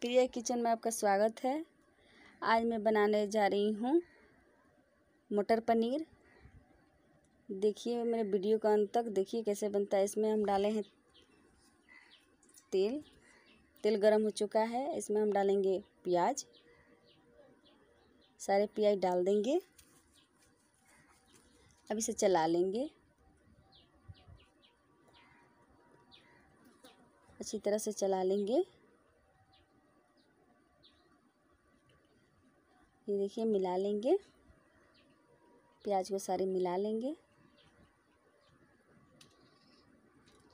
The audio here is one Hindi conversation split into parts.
प्रिया किचन में आपका स्वागत है आज मैं बनाने जा रही हूँ मटर पनीर देखिए मेरे वीडियो का अंत तक देखिए कैसे बनता है इसमें हम डाले हैं तेल तेल गरम हो चुका है इसमें हम डालेंगे प्याज सारे प्याज डाल देंगे अब इसे चला लेंगे अच्छी तरह से चला लेंगे ये देखिए मिला लेंगे प्याज को सारे मिला लेंगे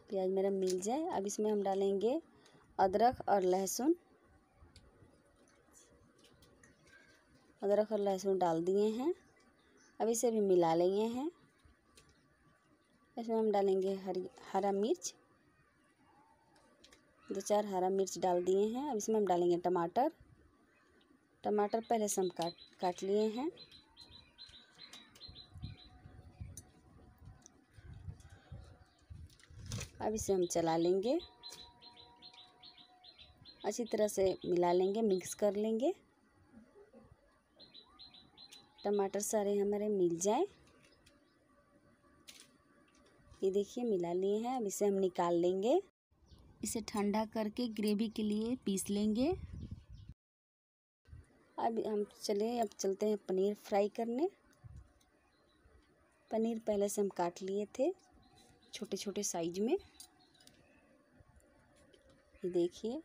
प्याज मेरा मिल जाए अब इसमें हम डालेंगे अदरक और लहसुन अदरक और लहसुन डाल दिए हैं अब इसे भी मिला लेंगे हैं इसमें हम डालेंगे हरी हरा मिर्च दो चार हरा मिर्च डाल दिए हैं अब इसमें हम डालेंगे टमाटर टमाटर पहले से हम काट काट लिए हैं अब इसे हम चला लेंगे अच्छी तरह से मिला लेंगे मिक्स कर लेंगे टमाटर सारे हमारे मिल जाए ये देखिए मिला लिए हैं अब इसे हम निकाल लेंगे इसे ठंडा करके ग्रेवी के लिए पीस लेंगे अभी हम चले अब चलते हैं पनीर फ्राई करने पनीर पहले से हम काट लिए थे छोटे छोटे साइज में ये देखिए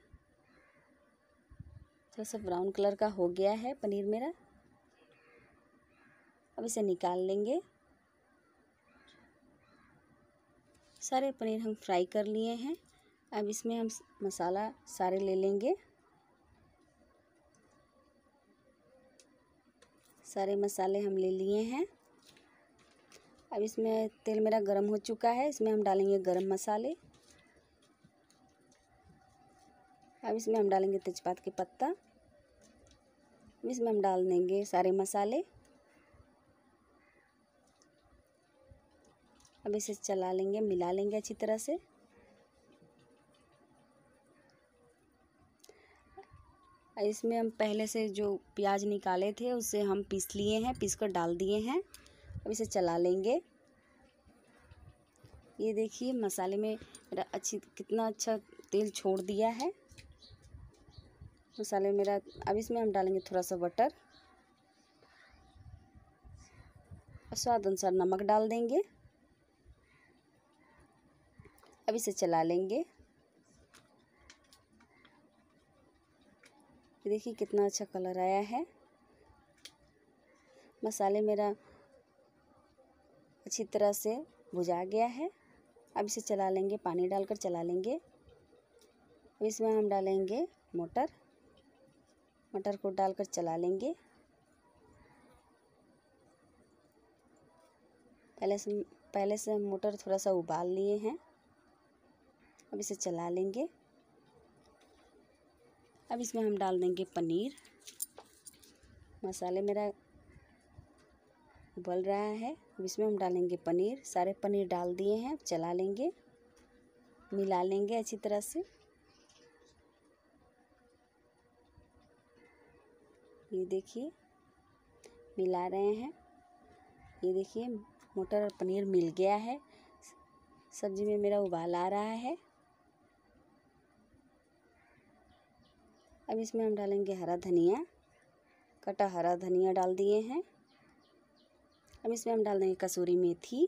थोड़ा सा ब्राउन कलर का हो गया है पनीर मेरा अब इसे निकाल लेंगे सारे पनीर हम फ्राई कर लिए हैं अब इसमें हम मसाला सारे ले लेंगे सारे मसाले हम ले लिए हैं अब इसमें तेल मेरा गर्म हो चुका है इसमें हम डालेंगे गरम मसाले अब इसमें हम डालेंगे तेजपात के पत्ता इसमें हम डाल देंगे सारे मसाले अब इसे चला लेंगे मिला लेंगे अच्छी तरह से इसमें हम पहले से जो प्याज निकाले थे उसे हम पीस लिए हैं पीस कर डाल दिए हैं अब इसे चला लेंगे ये देखिए मसाले में मेरा अच्छी कितना अच्छा तेल छोड़ दिया है मसाले मेरा अब इसमें हम डालेंगे थोड़ा सा बटर और स्वाद अनुसार नमक डाल देंगे अब इसे चला लेंगे देखिए कितना अच्छा कलर आया है मसाले मेरा अच्छी तरह से भुजा गया है अब इसे चला लेंगे पानी डालकर चला लेंगे अब इसमें हम डालेंगे मटर मटर को डालकर चला लेंगे पहले से पहले से हम थोड़ा सा उबाल लिए हैं अब इसे चला लेंगे अब इसमें हम डाल देंगे पनीर मसाले मेरा उबल रहा है अब इसमें हम डालेंगे पनीर सारे पनीर डाल दिए हैं चला लेंगे मिला लेंगे अच्छी तरह से ये देखिए मिला रहे हैं ये देखिए मटर और पनीर मिल गया है सब्ज़ी में मेरा उबाल आ रहा है अब इसमें हम डालेंगे हरा धनिया कटा हरा धनिया डाल दिए हैं अब इसमें हम डाल देंगे कसूरी मेथी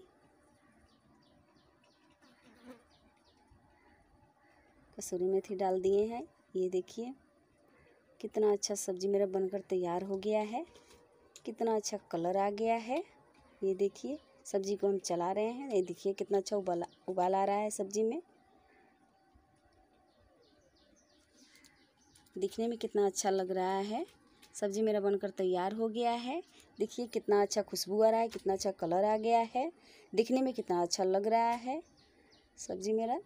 कसूरी मेथी डाल दिए हैं ये देखिए कितना अच्छा सब्ज़ी मेरा बनकर तैयार हो गया है कितना अच्छा कलर आ गया है ये देखिए सब्ज़ी को हम चला रहे हैं ये देखिए कितना अच्छा उबाला उबाल आ रहा है सब्ज़ी में दिखने में कितना अच्छा लग रहा है सब्ज़ी मेरा बनकर तैयार हो गया है देखिए कितना अच्छा खुशबू आ रहा है कितना अच्छा कलर आ गया है दिखने में कितना अच्छा लग रहा है सब्ज़ी मेरा